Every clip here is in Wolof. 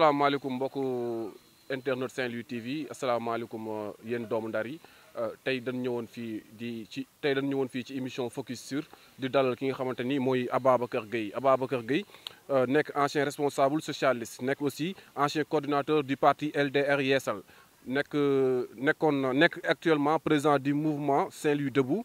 alaykum beaucoup internet Saint-Louis TV assalamu alaikum euh, Yen ndar yi euh, tey dañ ñëwoon fi di ci dañ émission focus sur di dalal ki nga xamanteni moy ababakar Gueye euh, ancien responsable socialiste nek aussi ancien coordinateur du parti LDR yessal nek actuellement président du mouvement Saint-Louis Debout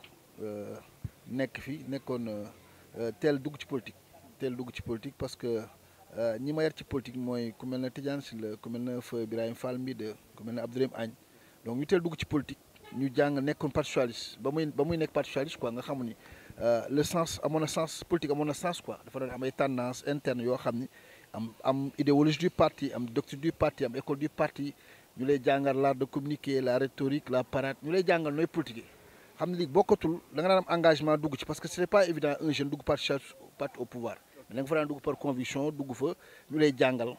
Euh, nek fi nekone euh, euh, tel dugg ci politique tel dugg ci politique parce que ñi ma yar ci politique moy ku mel tidiane ci le ku mel ne Feu Birahim Fall de ku mel Abdourahim Agne donc ñu tel dugg ci politique ñu jang nekkoon parti socialiste ba muy ba muy nekk parti socialiste quoi nga xamni le sens amoon sens politique amoon sens quoi dafa doon am ay tendance interne yo xamni am am idéologie du parti am doctrine du parti am école du parti ñu lay jàngal l'art de communiquer la rhétorique la parade ñu lay jangal noy politique xam ne da nga daan am engagement ci parce que c'est pas évident un jeune dugg par chasse au pouvoir mais da nga fa par conviction dugg fa ñu lay jangal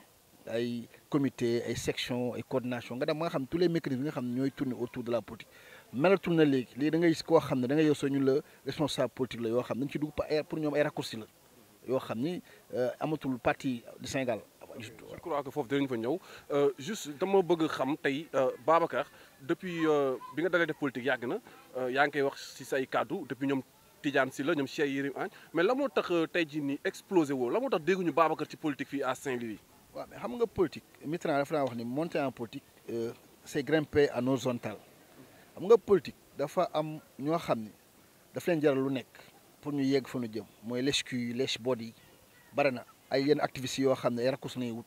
ay comité ay section ay coordination nga dem nga xam tous les mécanismes yi nga xam ne tourner autour de la politique mais na léegi les da ngay gis koo xam ne da nga yow ñu responsable politique la yoo xam dougou pas ci dugg par pour ñoom ay raccourci la yoo xam ni euh, amatul parti du Sénégal je crois que foofu dinañ fa ñëw euh, juste dama bëgg xam tey euh, Babacar depuis bi nga dalee def politique yàgg na Euh, yaa ngi koy wax si say kàddu depuis ñoom Tidiane si la ñoom Cheikh Yérim Agne mais la moo tax euh, tey jii nii explosé woo la moo tax dégguñu Babacar ci politique fii à Saint-Louis. waaw xam nga politique Mitterrand dafa naa wax ni monter en politique euh, c'est grimper en horizontal xam nga politique dafa am ñoo xam ni daf jaral lu nekk pour ñu yegg fa ñu jëm mooy lèche cul lèche bodd yi bare na ay yenn activistes yoo xam ne ay raccourcis nañuy wut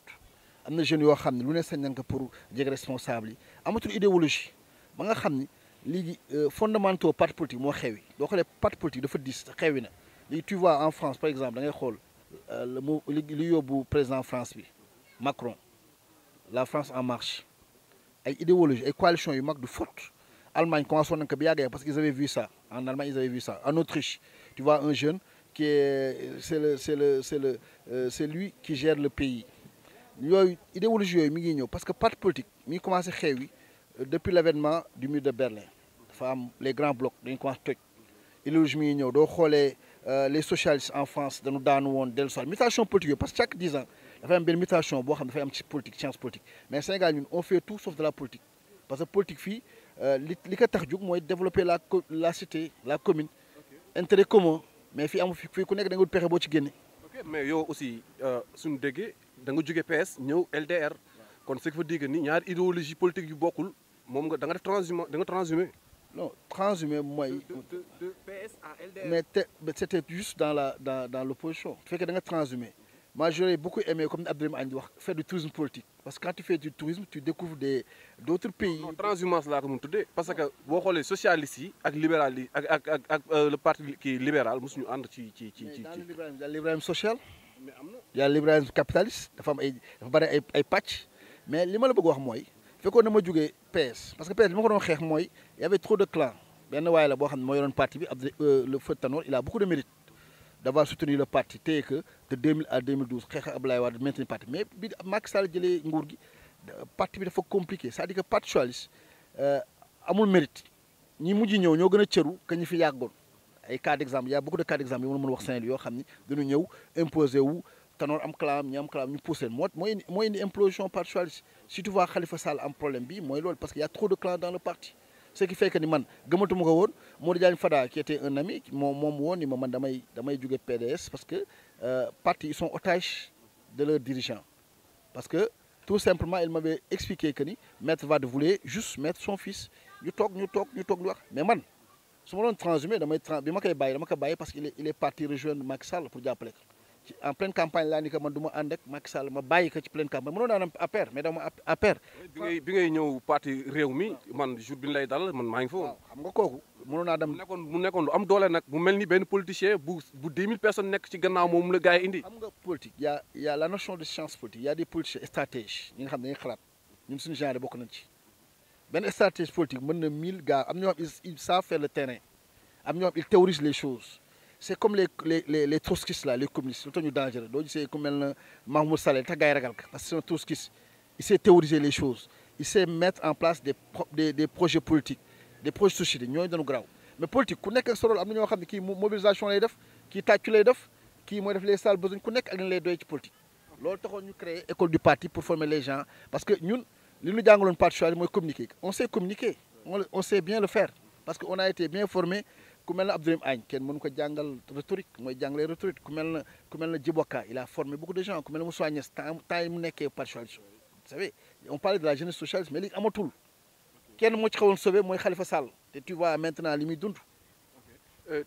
am na jeunes yoo xam ne lu ne sañ nañ ko pour jég responsable yi amatul idéologie ba nga xam ni Les euh, fondamentaux parti politique moo xewi boo Donc parti politique dafa dis xewi na tu vois en France par exemple il y a le li président président France Macron la France en marche et idéologie ay coalition yu mag du forte Allemagne commence woon parce qu'ils avaient vu ça en Allemagne ils avaient vu ça en Autriche tu vois un jeune qui c'est le c'est le c'est le euh, c'est lui qui gère le pays L'idéologie idéologie a parce que parti politique mi à commencé xewi euh, depuis l'avènement du mur de Berlin am les grands blocs dañ ko Il toj illusion yi ñëw euh, les socialistes en France de nous woon des soit mutation politique parce que chaque 10 ans dafay am une mutation boo xam dafay am ci politique science politique mais Sénégal ñun on fait tout sauf de la politique parce que politique ce euh, li li ko tax jóg développer la la cité la commune intérêt commun mais fii amu fi fii ku nekk da nga wut pexe ci génne. mais yo aussi euh, suñu déggee da nga jóge PS ñëw LDR kon ce qui veut dire que ni ñaari idéologie politique yu bokkul moom nga da nga def da nga transhumé. Non, transhumé, moi. De, PS à LDR. Mais c'était juste dans l'opposition. Dans, dans que tu que transhumé. Moi, j'aurais beaucoup aimé, comme Abdel Andoua, faire du tourisme politique. Parce que quand tu fais du tourisme, tu découvres d'autres pays. Non, transhumance, là, comme tu Parce que, vous voyez, les socialistes avec le parti qui est libéral, nous sommes a Il y a le libéralisme social, il y a le libéralisme capitaliste, il y a des patchs. Mais ce que je veux dire, fekkoon na ma jógee PS parce que PS bi ma ko doon xeex il y avait trop de clans ben way la bo xam moy moo parti bi euh, le feu il a beaucoup de mérite d'avoir soutenu le parti té que de 2000 à 2012 xeex ablaye wad maintenir parti mais bi Macky Sall jëlee nguur gi parti bi dafa compliqué c'est-à-dire que parti euh amul mérite ñi mujj ñëw ñoo gën a cëru que ñi fi yàggoon ay cas d'exemple y a beaucoup de cas d'exemple yoo mën a wax Saint-Louis yoo xam ni dañu ñëw imposé wu. Tanor am clam ñi am clam ñu pousse leen moy mooy mooy implosion partielle tu vois Khalifa Sall am problème bi moy lool parce qu'il y' a trop de clans dans le parti ce qui fait que ni man gëmatuma ko won Modou Diagne Fada qui était un ami mom moom woon ni man damay damay jóge PDS parce que euh, parti ils sont otages de leurs dirigeants parce que tout simplement il m'avait expliqué que ni maître de vouloir juste mettre son fils ñu tok ñu tok ñu tok wax mais man suma don doon transhumé damay bi ma baye dama parce qu'il est est parti rejoindre Macky Sall pour jàppale en pleine campagne là, ni que man du ma ak Macky Sall ma bàyyi ko ci pleine campagne mënoon naa am père mais dama APR. bi ngay bi ngay ñew parti réew mi man jour bi lay dal man maa ngi fa xam nga koku mënoon naa dem. mu mu lu am doole nak mu melni ben politicien bu bu 2000 personnes nek ci gannaaw mom le gars indi. xam nga politique ya ya y' a la notion de science politique y' a des politiciens stratèges ñi nga xam dañuy xalat ñun suñu genre bokku nañ ci Ben, stratège politique mën na 1000 gars am ñoo ils savent faire le terrain am ñoo ils théorisent les choses c'est comme les les les trotskistes là les communistes ils dangereux Mahmoud parce que c'est un trotskiste il sait théoriser les choses il sait mettre en place des des projets politiques des projets sociaux. mais politique ku y ak sa rôle am qui ñoo une mobilisation qui def qui tàccu lay def def les salles, besoin ku nekk ak li lay doyee ci politique. loolu école du parti pour former les gens parce que nous, nous ñu jàngaloon parti choix mooy communiquer on sait communiquer on on sait bien le faire parce qu'on a été bien formés ku Abdoulaye Agne ken mënu ko jangal rhétorique moy jangalé rhétorique ku mel na ku il a formé beaucoup de gens ku mel na Moussa Niasse temps temps yi mu nekkee vous savez on parlait de la jeunesse socialiste mais léegi amatul ken mo ci xawoon sauver moy Khalifa Sall tu vois maintenant limi muy dund.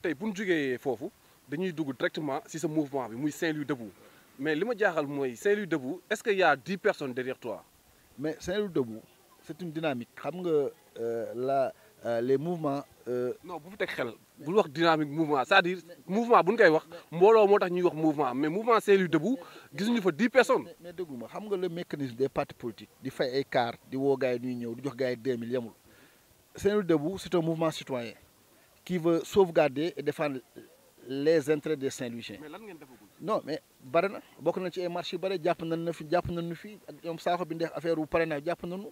tay euh, bu ñu fofu dañuy dugg directement si ce mouvement bi muy Saint-Louis debout mais lima jaxal moy Saint-Louis debout est-ce qu'il y a dix personnes derrière toi. mais Saint-Louis debout c'est une dynamique xam nga euh, la. Euh, les mouvements. Euh, non bu fi teg xel bul wax dynamique mouvement c'est-à-dire mouvement bu ñu koy wax mbooloo moo tax ñuy wax mouvement mais mouvement c'est louis debout gisuñu fa 10 personnes. mais déglu ma xam nga le mécanisme des partis politiques di fay ay cars di woo gars yi ñuy ñëw di jox gars yi deux mille yemul debout c'est un mouvement citoyen qui veut sauvegarder et défendre les intérêts des Saint-Louisiens. mais lan ngeen defagul. non mais bari na bokk na ci ay marché yu bari jàpp nañ na fi jàpp nañ nu fii ak ñoom saako bi ndeex affaire wu pare na jàpp nañu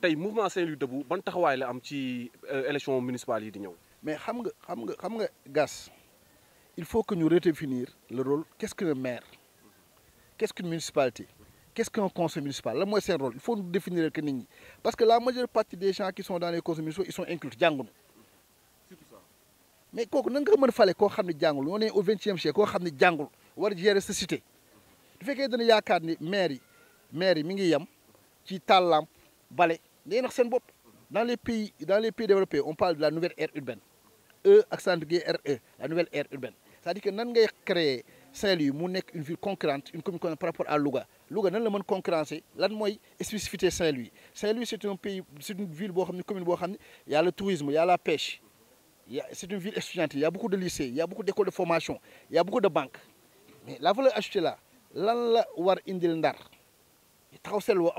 tay mouvement Saint-Louis debout ban taxawaay la am ci euh, élection municipale yi di mais xam nga xam nga xam nga gas il faut que nous redéfinir le rôle qu'est-ce qu'un maire qu'est-ce qu'une municipalité qu'est-ce qu'un conseil municipal moi c'est un rôle il faut nous définir que nit parce que la majeure partie des gens qui sont dans les conseils municipaux ils sont inclus jànguñu. mais nanga meun quand ko xamni jangul fale on est au 21e siècle on xamni jangul war a gérer cette cité bu fekkee dana yaakaar ni maire yi maire yi mi ngi yam ci Talam, Balé, dans les pays dans les pays développés on parle de la nouvelle aire urbaine E accent RE e, la nouvelle aire urbaine c'est-à-dire que nous ngay créer Saint-Louis une ville concurrente une commune par rapport à Louga Louga nan la meun concurrencer lan moy spécificité Saint-Louis Saint-Louis c'est un pays c'est une ville bo xamni commune il y a le tourisme il y a la pêche c'est une ville étudiante, il y a beaucoup de lycées il y a beaucoup d'écoles de formation il y a beaucoup de banques mais la valeur ajoutée là lan la war indil Ndar taxaw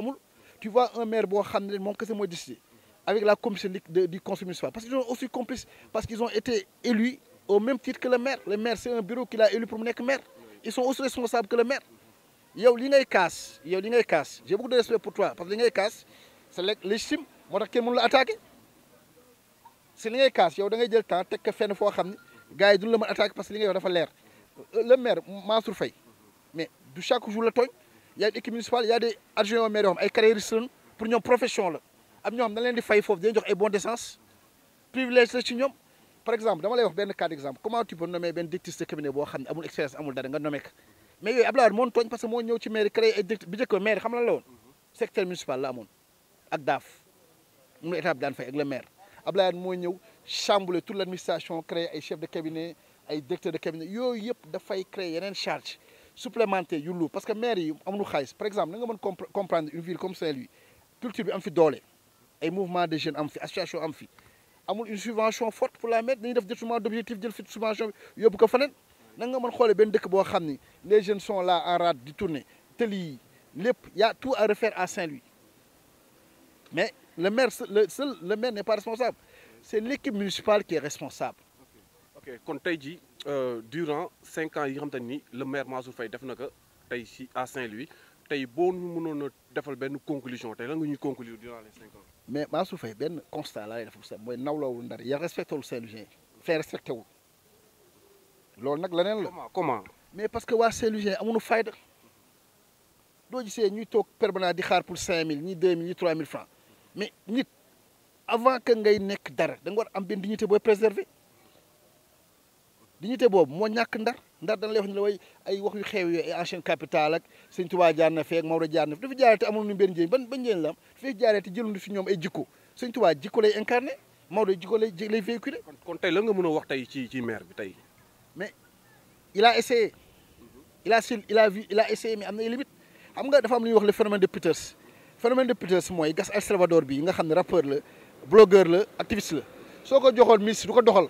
tu vois un maire boo xam mon que c'est moi décidé avec la commission de du conseil municipal parce qu'ils sont aussi complices parce qu'ils ont été élus au même titre que le maire le maire c'est un bureau qu'il a élu pour mu maire ils sont aussi responsables que le maire yow li ngay y yow li ngay casse j'ai beaucoup de respect pour toi parce que li ngay c'est légitime moo tax kenn mënu la attaquer si li ngay kaas yow da ngay jël temps teg ko fenn foo ne gars yi duñu la mën attaquer parce que li ngay wax dafa leer le maire Mansour Faye mais du chaque jour le tooñ y a équipe municipale y a des adjoints au maire yoo xam ay carriéristes pour ñoom profession la am ñoo xam na leen di fay foofu dañuy jox ay bons d'essence privilège ci ñoom par exemple dama lay wax benn cas d'exemple comment tu peux nommer ben directeur de cabinet boo xam ne amul expérience amul dara nga nommé mais yooyu Abdoulaye Wade moo tooñ parce que moo ñëw ci mairie créé ay directeur de njëkk maire xam lan la woon secteur municipal la amoon ak daaf mun na état bi daan fay ak le maire Abdoulaye Wade moo ñëw toute l'administration créer ay chef de cabinet ay directeur de cabinet yooyu yëpp dafay créé yeneen charge supplémenter parce que maire yi par exemple nga mën comprendre une ville comme Saint-Louis culture bi am fi un ay mouvement de jeunes am fi association am fi amul une subvention forte pour la mettre dañuy def détournement d'objectif jël fi subvention bi ko feneen nga les jeunes sont là en rade di tourner teli y a tout à refaire à Saint-Louis mais le maire le le maire n'est pas responsable c'est l'équipe municipale qui est responsable ok kon euh, durant 5 ans, le maire Mazou Faye a fait ici à Saint-Louis. Il a fait une conclusion, qu'est-ce qu'on a conclu durant les 5 ans Mais Mazou Faye, constat il a fait un constat. Il a respecté le Saint-Louis. Il a fait respecter. C'est ce qu'on a fait. Comment, Mais parce que le Saint-Louis, il a fait un constat. Il n'y a pas de permanent d'écart pour 5 000, 2 000, 3 000 francs. Mais avant que tu aies une dignité, tu préserver. dignité boobu moo ñàkk ndar ndar dana lay wax ne la way ay wax yu xeew yooyu ay ancienne capitale ak sëñ Tuubaa jaar na feeg Maodo jaar na fi dafa jaaree te amul nu benn njëriñ ban ban njëriñ la am dafay jaaree te jëlundu fi ñoom ay jikko sëñ Tuubaa jikko lay incarné Maodo jikko lay lay véhiculé kon tey lan nga mën a wax tey ci ci maire bi tey mais il a essayé il a il a vu il am na ay limites xam nga dafa am lu ñuy wax le phénomène de Peters phénomène de Peters mooy Gas El Salvador bi nga xam ne rappeur la blogueur la la soo ko joxoon ministre du ko doxal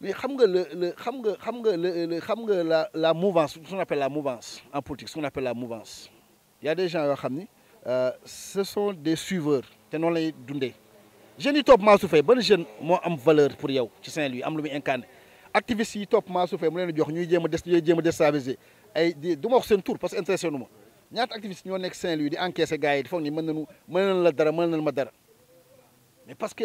Mais le, le, le, le, la, la mouvance, ce qu'on appelle la mouvance en politique, ce qu'on appelle la mouvance. Il y a des gens, euh, ce sont des suiveurs, te non lay dundee Jeune top topp Mansour Faye ban jeune mo am valeur pour yow ci Saint-Louis am lu muy incarner. activistes yi topp Mansour Faye mu leen jox ñuy jéem a ñuy jéem déstabiliser ay duma wax sen tour parce que intéressé nu ma ñaata activistes ñoo nek Saint-Louis di encaisser gars yi di foog ni mën nañu mën nañ la dara mën nañ ma dara mais parce que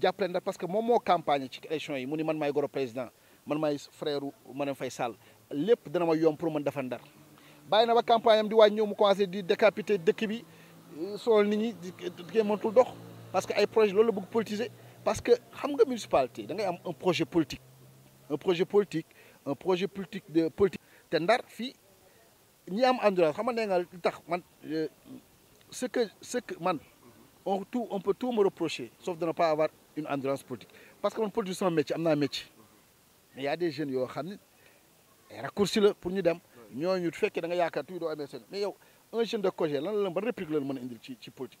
jàppale parce que moom campagne ci élection yi mu man may goro président man may frère Marième Faye lepp lépp dana ma yom pour mën defar ndar bayina na ba campagne am di waaj ñëw mu commencé di décapiter dëkk bi euh, sonal nit ñi di di dox parce que ay projet loolu la bëgg politiser parce que xam nga municipalité da ngay am un projet politique un projet politique un projet politique de politique té ndar fi ñi am endurance xam nga nga tax man euh, ce que ce que man on tout on peut tout me reprocher sauf de ne pas avoir une endurance politique parce que peut politique sama métier a un métier mais il y a des jeunes qui ont raccourci le pour ñu dem ont fait da nga avons un doo amee mais yow un jeune de Cogé lan la ban réplique que mën a ci ci politique.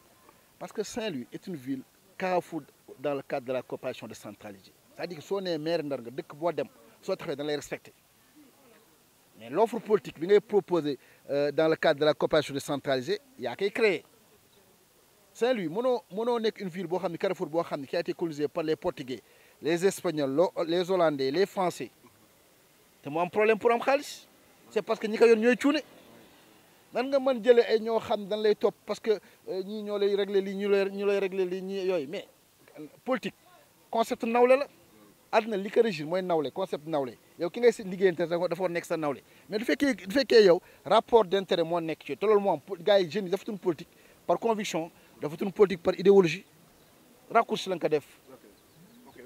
Parce que Saint-Louis est une ville carrefour dans le cadre de la coopération décentralisée. C'est-à-dire que si on est maire de dès vous les respecter. Mais l'offre politique qui est proposée euh, dans le cadre de la coopération décentralisée, il y a qu'à créer. Saint-Louis, Mono est une ville Carrefour qui a été colonisée par les Portugais, les Espagnols, les Hollandais, les Français. C'est un problème pour Amkhalis. C'est parce que nous avons nan nga mën jëlee ay ñoo xam dañ lay topp parce que euh, ñii ñoo lay régler lii ñu lay ñu lay régler lii ñii yooyu mais politique concept nawle la àdduna li ko régime mooy nawle concept nawle yow ki ngay si liggéeyante dafa nekk sa nawle mais du fekkee du fekkee yow rapport d' intérêt moo nekk ci te loolu moo am gars yi jeunes yi dafa tun politique par conviction dafa tun politique par idéologie raccourci la nga def.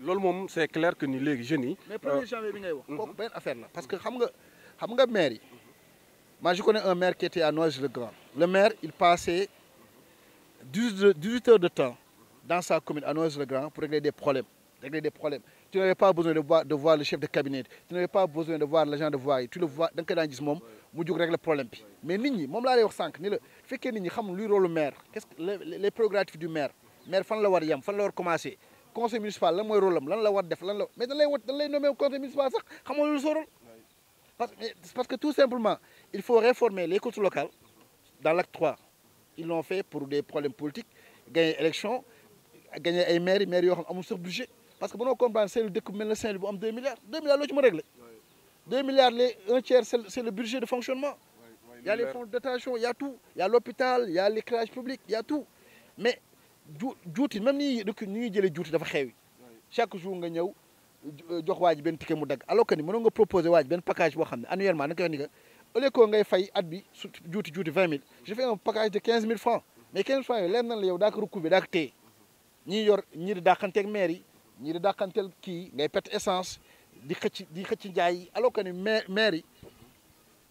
loolu moom c' est clair que ni léegi jeunes yi. mais premier euh, janvier bi ngay wax. Mhm. kooku benn affaire la parce que xam nga xam nga maire yi. Moi, je connais un maire qui était à Noël-le-Grand. Le maire, il passait 18 heures de temps dans sa commune à Noël-le-Grand pour régler des problèmes. Régler des problèmes. Tu n'avais pas besoin de voir, le chef de cabinet, tu n'avais pas besoin de voir l'agent de voie. Tu le vois dans quel endroit il jóg régler problème mais nit ñi moom là lay wax le ni la le xam maire qu'est-ce les prérogatives du maire maire faut le war Il faut le war commencé conseil municipal le le rôle mais le lay wat dañ lay conseil municipal sax je lu eh, parce, que tout simplement, il faut réformer les courses locales dans l'acte 3. Ils l'ont fait pour des problèmes politiques, gagner l'élection, gagner un maire maire, On ont un budget. Parce que nous comprendre, c'est le découpement de 2 milliards. 2 milliards, là, je me 2 milliards, les, un tiers, c'est le budget de fonctionnement. Il y a les fonds de détention, il y a tout. Il y a l'hôpital, il y a l'éclairage public, il y a tout. Mais, même si nous avons les Chaque jour, nous avons jox waa ji benn ticket mu dagg alors que ni mënoon nga proposer waa ji benn package boo xam ne annuellement da nga wax ni que au lieu que ngay fay at bi su juuti juuti vingt mille je fais un package de quinze mille francs mais quinze francs yooyu leer na la yow daa ko recouvrer daa ko téye ñii yor ñi di dàqanteeg maire yi ñii di dàqanteel kii ngay perte essence di xëcc di xëcc njaay yi alors que ni maire maire yi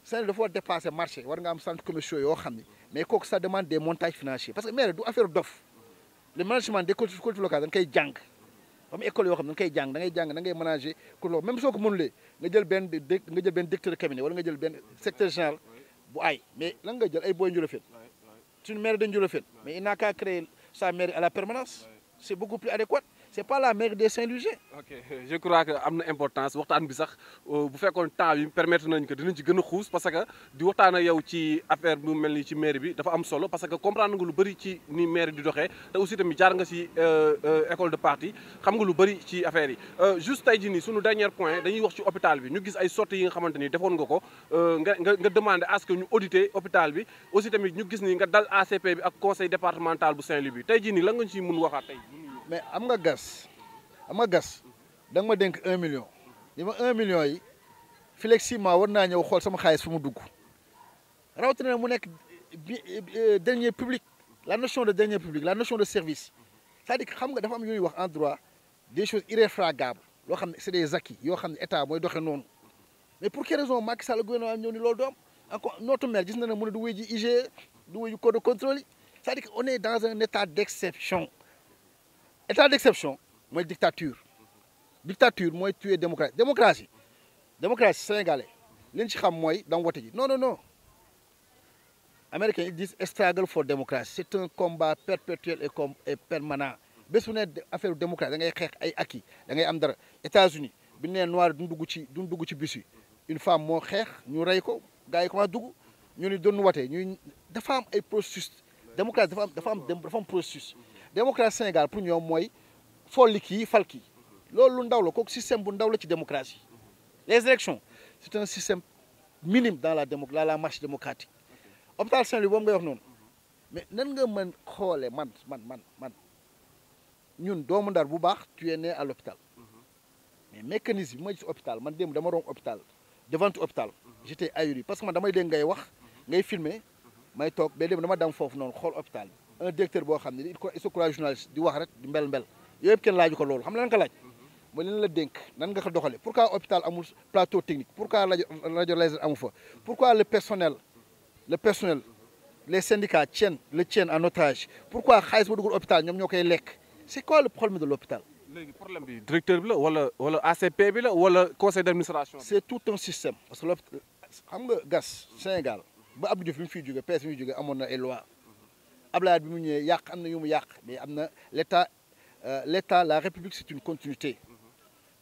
seen dafa war dépasser marché war nga am centre commerciaux yoo xam ne mais kooku ça demande des montages financiers parce que maire du affaire dof le management des collectivités locales da nga koy jàng comme école yo xam nga da ngay da ngay ménager même soko nga jël nga jël de cabinet wala nga jël secteur général bu ay mais nga jël ay c'est une mère de mais il n'a qu'à créer sa mère à la permanence c'est beaucoup plus adéquat c' pas la mairie de Saint-Louis. ok je crois que am na importance waxtaan bi sax euh, bu fekkone temps bi permettre nañ ko dinañ ci gëna xouss parce que di waxtana yow ci affaire bu melni ci mairie bi dafa am solo parce que comprendre nga lu bari ci ni mairie di doxé te aussi tamit jaar nga si euh, euh, école de parti xam nga lu bari ci affaire yi. Euh juste tey jii suñu dernier point dañuy wax ci hôpital bi ñu gis ay sorties yi nga xamanteni defon nga ko euh nga nga demandé à ce que ñu auditer hôpital bi aussi tamit ñu gis ni nga dal ACP bi ak conseil départemental bu Saint-Louis bi tey jii nii lan nga ciy mun waxaat tey mais am nga gas am nga gas da nga un million Et ma un million yi fileeg six mois war naa ñëw xool sama xaalis fu mu dugg rawatina mu euh, dernier public la notion de dernier public la notion de service c'est-à-dire que xam nga dafa am yu wax en droit des choses irréfragables loo xam c'est des acquis yoo xam ne état mooy doxe noonu mais pour quelle raison Macky Sall gouvernement ñëw ni loolu doom encore notre maire gis na ne mu ne du wuy ji IGE du wuy code de contrôle c'est-à-dire qu'on on est dans un état d'exception état d'exception la dictature dictature c'est tuer démocratie démocratie démocratie sénégalais li non non non américains disent struggle for democracy ». c'est un combat perpétuel et permanent. et permanent Si vous affaire démocratie da vous avez acquis les États-Unis les noirs, noir duñ dugg ci une femme ñu ko dugg ñu ni ñuy démocratie processus démocratie Sénégal pour ñoom moy folli kii fal kii loolu lu ndaw la système bu ndaw la ci démocratie les élections c'est un système minime dans la la marche démocratique hôpital Saint-Louis bo nga wax non mais nan nga mën xolé man man man man ñun doomu ndar bu baax tu es né à l'hôpital mais mécanisme bi ma gis hôpital man dem dama romb hôpital devant hôpital j'étais ahuri parce que man damay dégg ngay wax ngay filmer may tok ba dem dama dam foofu non xol hôpital bi un directeur bo xamni ne il se croit journaliste di wax rek di mbel-mbel yooyu ken kenn laaju ko loolu xam lan ko laaj. Mhm. mooy len la denk nan nga ko doxale pourquoi hôpital amul plateau technique pourquoi radio laser amu fa. pourquoi le personnel le personnel les syndicats tiennent le tiennent en otage pourquoi xais bu dugul hôpital ñom ñokay lek c'est quoi le problème de l'hôpital léegi problème bi directeur bi la wala wala ACP bi la wala conseil d'administration. c'est tout un système parce que xam nga gas Sénégal ba Abdou Diouf fi mu fiy jógee PS amon na ay lois. Ablaye bi mu ñëwee Yak, amna yu mu mais amna l'État, euh, l'état la république c'est une continuité mhm.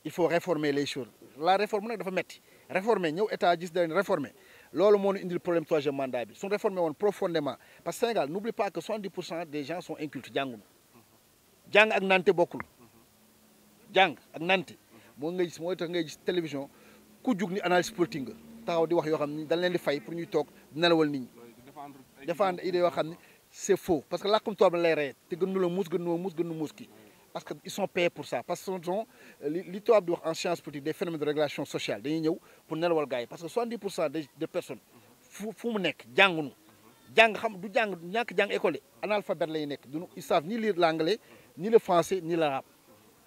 il faut réformer les choses la réforme nak dafa metti réformer ñëw état gis dañ réformer lolu mo ñu indil problème troisième mandat bi Son réformer won profondément parce que Sénégal n'oublie pas que 70 des gens sont incultes jangum jang ak nante bokul mhm. jang ak nante mo ngay gis mooy tax ngay gis télévision ku jug ni analyse politique nga taxaw di wax yo xamni dañ leen di fay pour ñuy tok nelawal nit ñi défendre idée yo xamni c'est faux. Parce que là, comme toi, tu nous mousse, nous mousse, nous mousse. Parce qu'ils sont payés pour ça. Parce que l'histoire euh, en sciences politiques des phénomènes de régulation sociale, ils sont pour nous Parce que 70% des, personnes, fou sont nek jang jang xam du jang ñak jang école analphabète lay nek du ils savent ni lire l'anglais ni le français ni l'arabe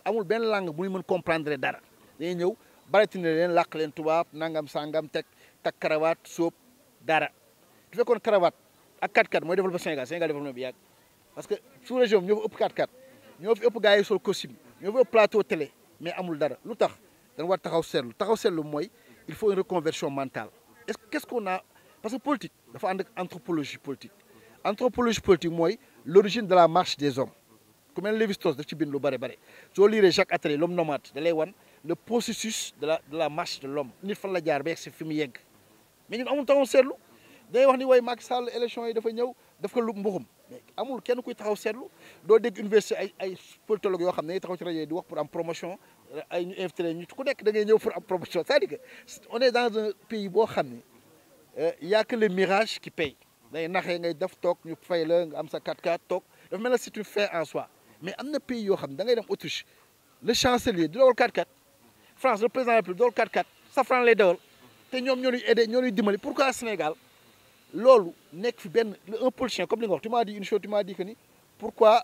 amul ben langue bu ñu mën comprendre dara day ñew barati na leen lak leen tubaab nangam sangam tek tak cravate sop dara du fekkon cravate 4-4 mooy développé Sénégal Sénégal développé bi parce que sous région bi ñoo 4-4 ñoo fi ëpp gars yi sol costume ñoo plateau télé mais amul dara lu tax dañu war taxaw seetlu taxaw seetlu mooy il faut une reconversion mentale qu'est-ce qu'on a parce que politique il faut une anthropologie politique anthropologie politique c'est l'origine de la marche des hommes comme mel Lévi-Strauss daf ci bind lu bare bare lire Jacques Attali l'homme nomade da lay le processus de la de la marche de l'homme nit fan la jaar ba yegg si fi mu yegg mais ñun amul taxaw seetlu day wax ni way Macky Sall élection yi dafa ñëw daf ko lu mbuxum mais amul kenn kuy taxaw seetlu doo dégg université ay ay politologue yoo xam ne taxaw ci rajo di wax pour am promotion ay ñu invité ñu ku nekk da ngay ñëw pour am promotion c'est-à-dire que on est dans un pays boo xam ni euh, y que le mirage qui paye day naxee ngay def toog ñu fay la nga am sa 4x4 toog dafa mel ne c'est une fin en soi mais am na pays yoo xam ne da ngay dem Autriche le chancelier di dawal 4 4 France le président de la République di dawal 4x4 Safran lay dawal te ñoom ñoo ñuy aidé ñoo ñuy dimbali pourquoi Sénégal loolu fi un politicien comme li tu m'as dit une chose tu m'as dit que ni pourquoi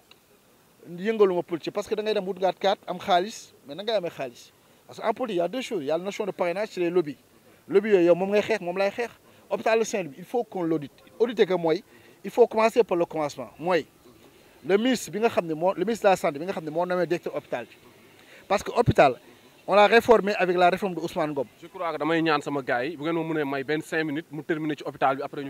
yëngaluma politicien? parce que da ngay dem wut tu as am mais tu ngay amee xaalis parce que en politique y a deux choses il y a la notion de parrainage c'est les lobbies lobby il y a ngay xeex de lay xeex hôpital Saint-Louis il faut qu'on l'audite auditer que moi, il faut commencer par le commencement Moi, le ministre bi nga le ministre de la santé bi nga xam ne nommé directeur hôpital parce que hôpital on l'a réformé avec la réforme de Ousmane Ngom. je crois que dans ñaan sama gars yi bu ngeen may minutes mu terminer l'hôpital après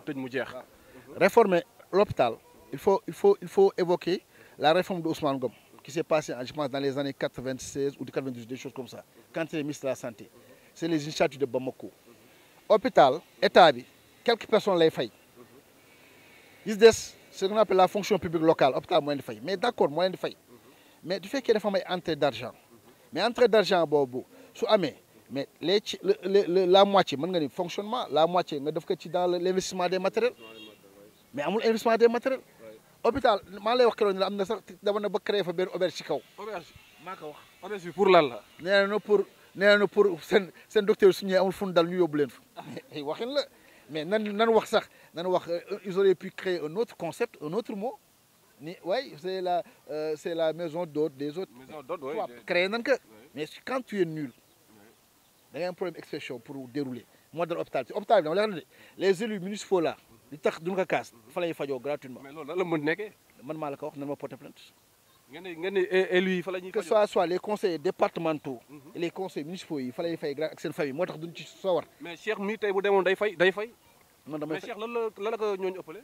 réformer l'hôpital il faut il faut il faut évoquer la réforme de Ousmane qui s'est passée je pense dans les années 96 ou 98 des choses comme ça quand il est ministre de la santé c'est les initiatives de Bamako. hôpital état quelques personnes l'ont fait. Ici, c'est ce qu'on appelle la fonction publique locale hôpital moyen de faille. mais d'accord moyen de faire. mais du fait fekkee est en train entrée d'argent mais entrée d'argent Bobo, sou Amé, mais les la moitié mën nga fonctionnement la moitié nga def ko ci dans l'investissement des matériels mais amul investissement des matériels hôpital maa lay wax keroog ne am na sax dama na ba créé fa auberge ci kaw. auberge wax auberge pour lan la. nee pour nee pour seen seen docteur su ñëwee amul fu mu dal ñu yóbbu leen fa waxin la mais nan nan wax sax nan wax euh, ils auraient pu créer un autre concept un autre mot. Oui, c'est la, euh, la maison d'hôte des autres. Maison d'hôte, oui. Créer un que. Mais quand tu es nul, il y a un problème d'expression pour dérouler. Moi, dans l'hôpital, l'hôpital, les élus municipaux là, ils ne sont pas Il fallait faire gratuitement. Mais là, le monde n'est pas. Moi, je ne porter plainte. Que ce soit les conseils départementaux mhm. et les conseils municipaux, il fallait faire avec cette famille. Moi, je ne sais pas. Mais cher, tu as fait. Mais cher, tu as fait.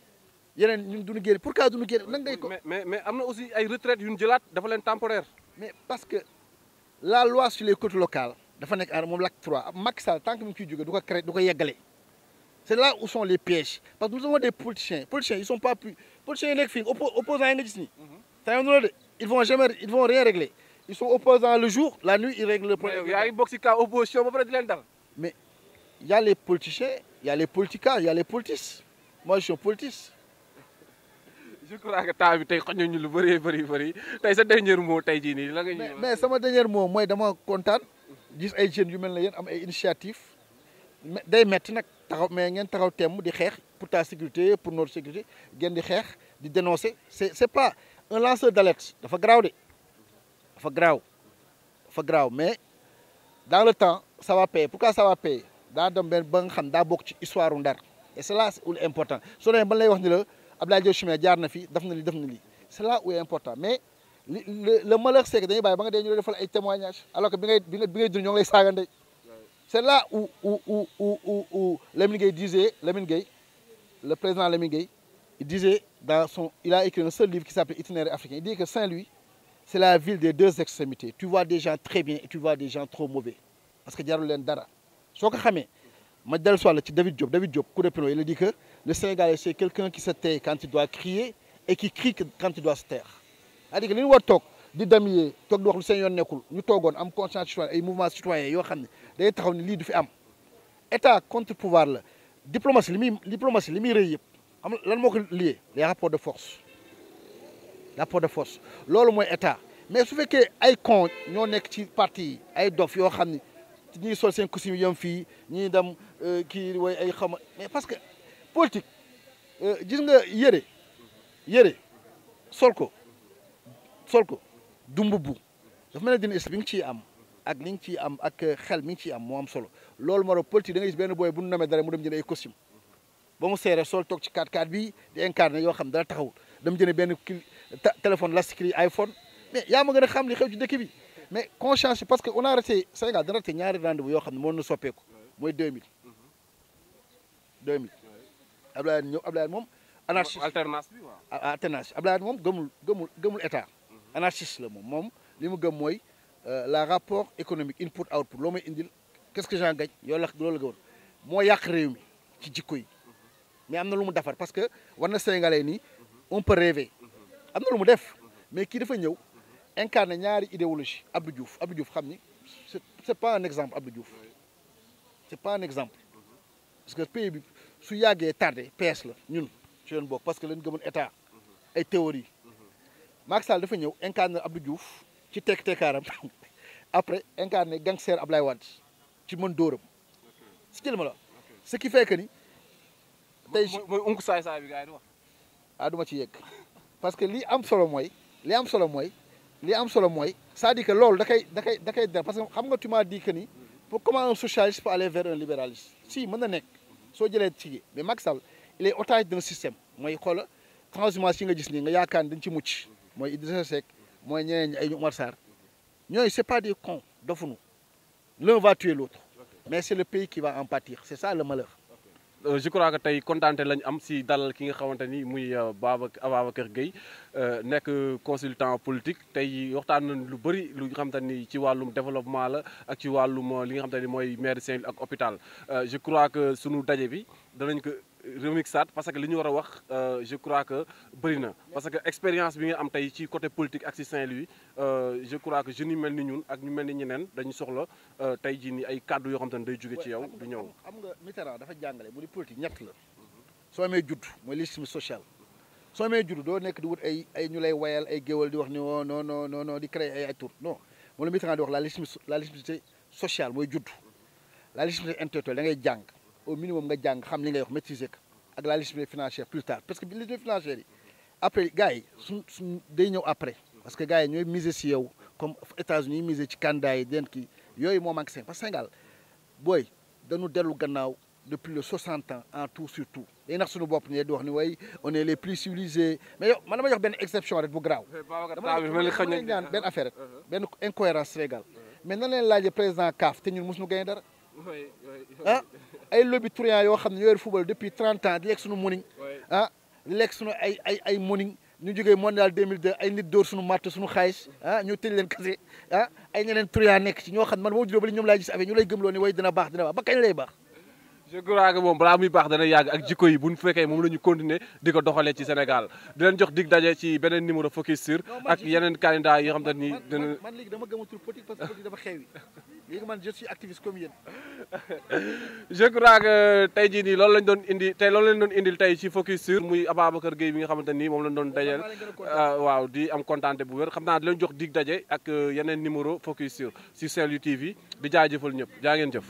duñu pourquoi duñu mais mais y a aussi ay retraites yu ñu jëlaat dafa temporaire. mais parce que la loi sur les côtes locales dafa nekk en moom l'acte 3 Macky Sall tant que mu ciy jógee du ko créé du ko c'est là où sont les pièges parce que nous avons des politiciens politiciens ils sont pas plus politiciens yi nekk opposants à nga gis nii. Mhm. ils vont jamais ils vont rien régler ils sont opposants le jour la nuit ils règlent le problème. mais il ngi a si cas opposition ba pare di leen dal. mais y a les politiciens y a les politiciens y a les politistes moi je suis un politiste je crois que temps bi tey xëy ñu lu bëree bëri bëri tey sa dernier mot tey jii nii la nga ñuy mais sama dernier mot mooy dama kontaan gis ay jeunes yu mel ne yéen am ay initiative day metti nag taxaw mais ngeen taxaw temm di pour ta sécurité pour notre sécurité ngeen di xeex di dénoncer c'est c'est pas un lanceur d'alerte dafa graaw de grave. graaw dafa graaw mais dans le temps ça va payer pourquoi ça va payer Dans le temps, ba nga xam daa bokk ci histoire u Ndar et c'est là où l'important soo demee ban lay wax ni la c'est là où est important mais le malheur c'est que dañuy gens, ba nga témoignages alors que bi ngay bi ngay c'est là où le président Lamine il disait dans son il a écrit un seul livre qui s'appelle Itinéraire africain il dit que Saint-Louis c'est la ville des deux extrémités tu vois des gens très bien et tu vois des gens trop mauvais parce que jarul len dara soko xamé ma dellusiwaat la ci David Diop David Diop coup de il a dit que le Sénégalais c'est quelqu'un qui se tait quand il doit crier et qui crie quand il doit se taire Il a dit que li ñu war toog di damyee toog di wax lu seen yoon nekkul ñu toogoon am conscience citoyenne ay mouvement citoyen yoo xam ne day taxaw ne un du fi am état contre pouvoir la diplomatie li diplomatie li muy rëy yëpp lan moo ko les rapports de force rapport de force loolu mooy état mais su fekkee ay con ñoo nekk ci parti yi ay dof yoo xam ñuy sol seen costume yam fii ñuy dem euh, kii way ay xama mais parce que politique euh, gis nga yére yére sol ko sol ko du mbubb dafa mel ne dina islam bi ciy am ak li nga ciy am ak xel mi ngi ciy am moo solo lool moo tax politique da nga benn booy bu nu namee dara mu dem jënd ay costume ba mu seeree sol toog ci 4 x bi di incarné yoo xam dara taxawul dam jënd benn téléphone lastique yi iPhone mais yaa ma gën ne xam li xew ci dëkk bi mais conscience yi parce que on a raté Sénégal dana raté ñaari rendez-vous yoo xam ne moo nu soppeeku mooy 2000. 2000 Abdoulaye ñëw Abdoulaye mom anarchiste alternance bi waaw. ah alternance Abdoulaye moom gemul gemul gëmul état. anarchiste le mom mom limu gem moy euh, la rapport économique input output loo indil qu'est-ce que j'en gagne yo la loolu la gëmoon moo yàq réew mi ci jikko yi mais amna lumu lu defar parce que war Sénégalais ni on peut rêver amna lumu def mais ki dafa ñëw incarné ñaari idéologie Abdou Diouf Abdou Diouf xamni c'est pas un exemple Abdou Diouf c'est pas un exemple parce que pays bi su yàggee tardé PS la ñun ci leen bok parce que leen gëmul état ay théorie Macky Sall dafa ñëw incarné Abdou Diouf ci tek tekaram après incarné gangster Ablaye Wade ci mën dóoram si jël ma la ce qui fait que ni tay mooy unku say say bi gaay yi wax ah du ci yegg parce que li am solo moy li am solo moy li am solo moy ça dit que lool da kay da kay da kay der parce que xam nga tu m'as dit que ni pour comment un socialiste peut aller vers un libéraliste si mën na nekk soo jëlee ci mais Macky Sall il est otage d'un système moy xoola transhumance yi nga gis ni nga yakane dañ ci mucc moy Idrissa Seck moy ñeneen ñi ay ñu Omar Sarr c'est pas des cons nous l'un va tuer l'autre mais c'est le pays qui va en pâtir c'est ça le malheur Euh, je crois que tey kontaante lañ am si dalal ki nga xamante ni muy euh, Baba Ababacar Gueye euh, nekk consultant politique tey waxtaan nañ lu bëri lu nga xamante ni ci wàllum développement la ak ci wàllum li nga xamante ni mooy maire Saint-Louis ak hôpital je crois que sunu daje bi danañ ko. remixat parce que li ñu wara wax euh je crois que bëri parce que expérience bi nga am tay ci côté politique ak ci Saint-Louis euh, je crois que je yu melni ni ñun ak ñu melni ni ñeneen dañu soxla euh, tay ji ni ay kàddu yo xamantene day jugé ci yow du ñëw. xam nga Mitterrand dafa jàngale bu di politique ñet la soo amee judd mooy légitime sociale soo amee judd doo nekk di wut ay ay ñu lay wayal ay géwal di wax ni oh, non non non non di créer ay ay tour non moom la Mitterrand di wax la liste, la liste sociale moy judd la liste intellectuelle da ngay jàng au minimum nga jang xam li ngay wax maîtriser ko ak la liste financière plus tard parce que liste financière yi après gars yi suñ day ñëw après parce que gars yi ñooy miser ci yow comme États-Unis miser ci canada yi den ki yoy moo manqué sen parce que Sénégal booy dañu delu gannaaw depuis le 60 ans en tout sur tout day nax suñu bop ne di wax ni way on est les plus civilisés mais yow man dama jox ben exception rek bu graw eh, ben affaire rek uh-huh. benn incohérence Sénégal mais nan leen laajee président kaf té ñun mosuñu gagné dara ah ay lobby Tourian yoo xam ne ñoo yor football depuis trente ans di lekk suñu morning ah, di lekk suñu ay ay ay morning ñu jógee mondial 2002 ay nit dóor suñu matt suñu xaalis ah ñu tëj leen kase ah ay ñeneen Tourian nekk ci ñoo xam man boo juddoo ba ñoom laay gis affaire ñu lay gëmloo ni way dina baax dina baax je crois que moom balaa muy baax dana yàgg ak jikko yi bu ñu fekkee moom lañu ñu continuer di doxalee ci Sénégal di leen jox dig daje ci beneen numéro focus sur ak yeneen candidat yoo xam te ni. man man dama gëmatul politique parce que politique dafa xewi man je suis activiste comme yéen. je crois que tey jii nii loolu lañ doon indi tey loolu lañ doon indil tey ci focus sur muy Ababacar Gueye bi nga xamante ni moom lañ doon dajeel ah, waaw di am kontaante bu wér xam naa di leen jox dig daje ak euh, yeneen numéro focus sur sur Saint-Louis TV di jaajëfal ñëpp jaa ngeen jëf.